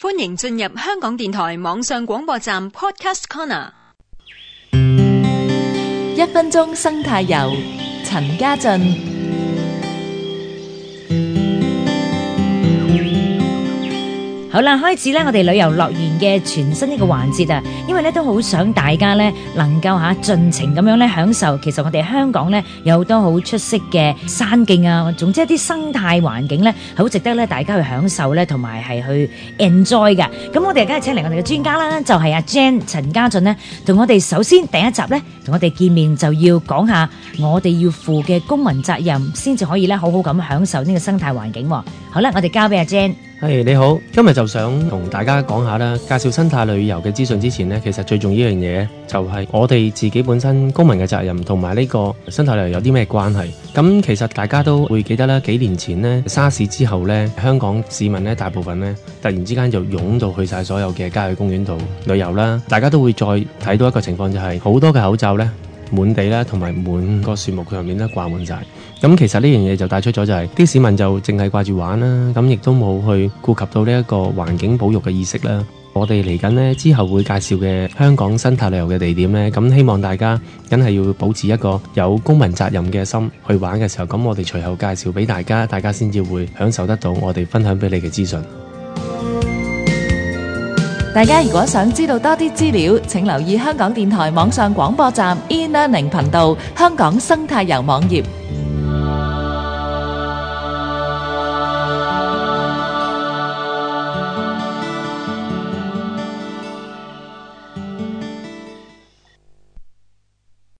歡迎進入香港電台網上廣播站 Podcast Corner，一分鐘生態遊，陳家俊。好啦，開始咧，我哋旅遊樂園嘅全新一個環節啊！因為咧都好想大家咧能夠吓盡情咁樣咧享受，其實我哋香港咧有好多好出色嘅山景啊，總之一啲生態環境咧好值得咧大家去享受咧，同埋係去 enjoy 嘅。咁我哋而家請嚟我哋嘅專家啦，就係、是、阿 Jane 陳家俊咧，同我哋首先第一集咧同我哋見面，就要講下我哋要負嘅公民責任，先至可以咧好好咁享受呢個生態環境、啊。好啦，我哋交俾阿 Jane。係你好，今日就想同大家講下啦，介紹生態旅遊嘅資訊之前呢,其實最重要一樣嘢就係我哋自己本身公民嘅責任，同埋呢個生態旅遊有啲咩關係？咁其實大家都會記得啦，幾年前呢，沙士之後呢，香港市民呢，大部分呢，突然之間就湧到去晒所有嘅郊野公園度旅遊啦。大家都會再睇到一個情況，就係好多嘅口罩呢。滿地啦，同埋滿個樹木上面都掛滿晒。咁其實呢樣嘢就帶出咗就係啲市民就淨係掛住玩啦，咁亦都冇去顧及到呢一個環境保育嘅意識啦。我哋嚟緊呢，之後會介紹嘅香港生態旅遊嘅地點呢，咁希望大家梗係要保持一個有公民責任嘅心去玩嘅時候，咁我哋隨後介紹俾大家，大家先至會享受得到我哋分享俾你嘅資訊。大家如果想知道多啲資料，請留意香港電台網上廣播站 e-Learning 頻道、香港生態遊網頁。